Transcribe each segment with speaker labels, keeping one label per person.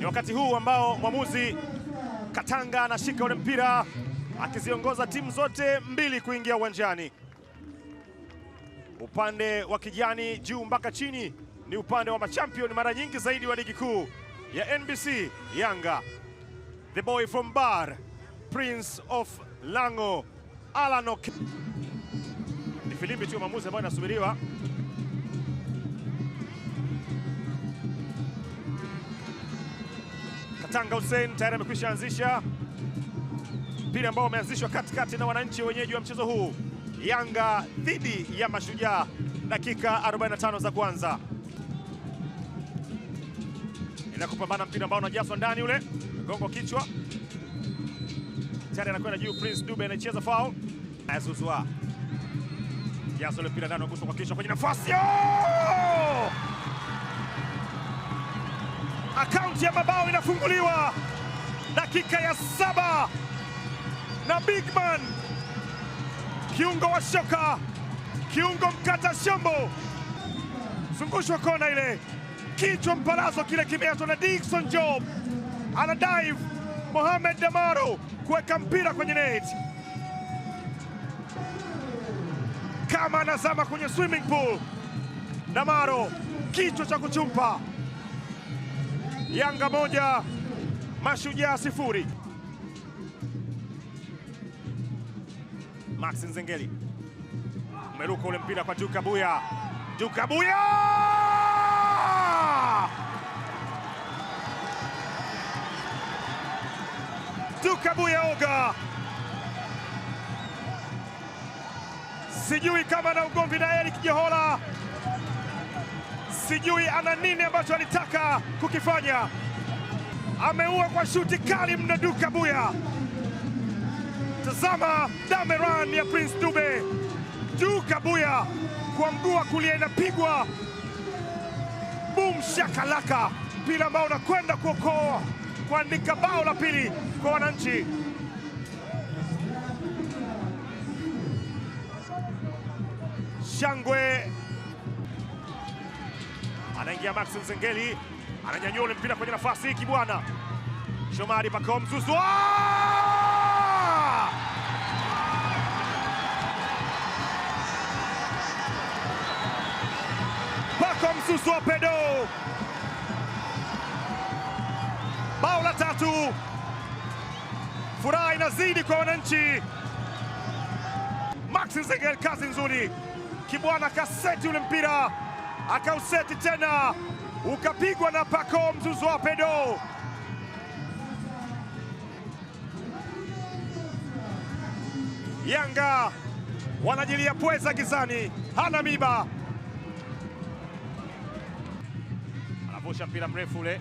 Speaker 1: Ni wakati huu ambao mwamuzi Katanga anashika ule mpira akiziongoza timu zote mbili kuingia uwanjani. Upande wa kijani juu mpaka chini ni upande wa machampion mara nyingi zaidi wa ligi kuu ya NBC, Yanga. The boy from Bar, Prince of Lango, Alanok. Ni filimbi tu ya maamuzi ambayo inasubiriwa Tanga Hussein tayari amekwisha anzisha mpira ambao umeanzishwa katikati na wananchi wenyeji wa mchezo huu, Yanga dhidi ya Mashujaa, dakika 45 za kwanza. Ila kupambana mpira ambao unajaswa ndani, ule gongo kichwa tayari anakwenda juu. Prince Dube anacheza foul, azuzwa jazo ile mpira ndani, kwa kichwa kwenye nafasi oh! akaunti ya mabao inafunguliwa dakika ya saba na Bigman, kiungo wa shoka, kiungo mkata shombo, zungushwa kona ile, kichwa mpalazo kile kimeachwa na Dickson Job, ana dive Mohamed Damaro kuweka mpira kwenye neti, kama anazama kwenye swimming pool. Damaro kichwa cha kuchumpa Yanga moja Mashujaa sifuri. Max Nzengeli umeruka ule mpira kwa Duka Buya, Duka Buya Duka Buya oga, sijui kama na ugomvi na Eric Jehola sijui ana nini ambacho alitaka kukifanya. Ameua kwa shuti kali mna duka buya. Tazama dameran ya Prince Dube juu kabuya kwa mguu wa kulia inapigwa bum shakalaka, mpira ambao unakwenda kuokoa kuandika bao la pili kwa wananchi. Shangwe anaingia Max Nzengeli, ananyanyua ule mpira kwenye nafasi hiki bwana. Shomari Pako Mzuzu Pakao Mzuzu wa pedo, bao la tatu. Furaha inazidi kwa wananchi. Max Nzengeli, kazi nzuri kibwana, kaseti ule mpira akauseti tena ukapigwa na Paco mzuzu wa pedo. Yanga wanajilia pweza gizani, hana miba, anavusha mpira mrefu ule,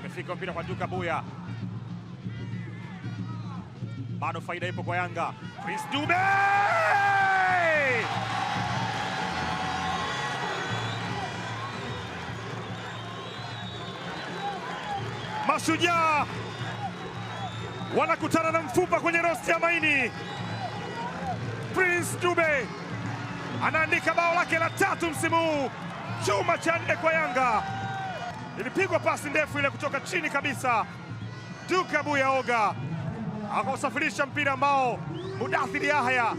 Speaker 1: imefika mpira kwa Juka Buya, bado faida ipo kwa Yanga. Prince Dube Mashujaa wanakutana na mfupa kwenye rosti ya maini. Prince Dube anaandika bao lake la tatu msimu huu, chuma cha nne kwa Yanga. Ilipigwa pasi ndefu ile kutoka chini kabisa. Duka oga akausafirisha mpira ambao Mudathiri Yahya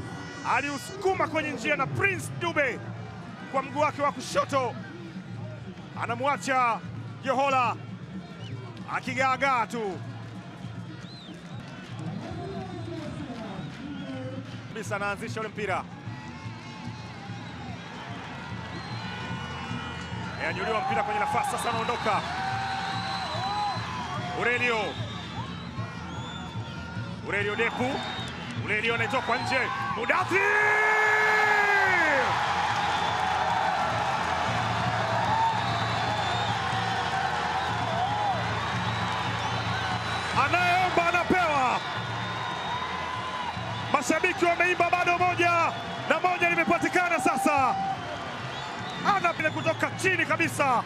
Speaker 1: aliusukuma kwenye njia, na Prince Dube kwa mguu wake wa kushoto anamwacha Johola akigaagaa tu kabisa, anaanzisha ule mpira, anyuliwa mpira kwenye nafasi sasa, anaondoka Aurelio Aurelio Depu, Aurelio anaitoa kwa nje, Mudathi anayeomba anapewa. Mashabiki wameimba bado moja na moja limepatikana sasa. Ana vile kutoka chini kabisa,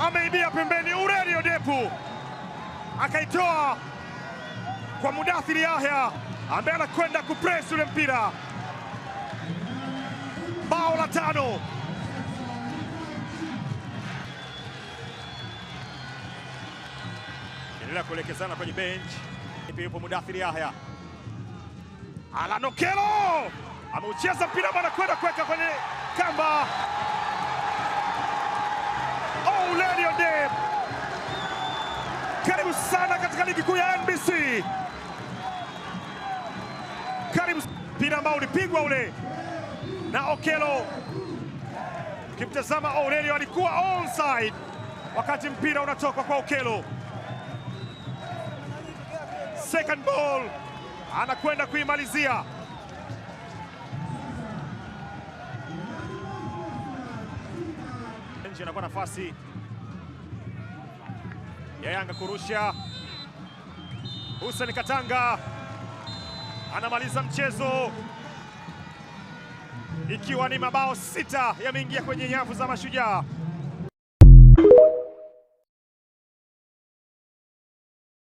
Speaker 1: ameibia pembeni Urelio Depu akaitoa kwa Mudathiri Yahya ambaye anakwenda kupresi ule mpira. Bao la tano. endelea kuelekezana kwenye benchi. Yupo Mudathir Yahya, Alanokelo ameucheza mpira bwana, kwenda kuweka kwenye kamba. Oulelio Deb, karibu sana katika ligi kuu ya NBC. Karibu mpira ambao ulipigwa ule na Okelo, ukimtazama Oulelio alikuwa onside wakati mpira unatoka kwa Okelo second ball, anakwenda kuimalizia. Nje anakuwa nafasi ya Yanga kurusha. Hussein Katanga anamaliza mchezo ikiwa ni mabao sita yameingia kwenye nyavu za Mashujaa.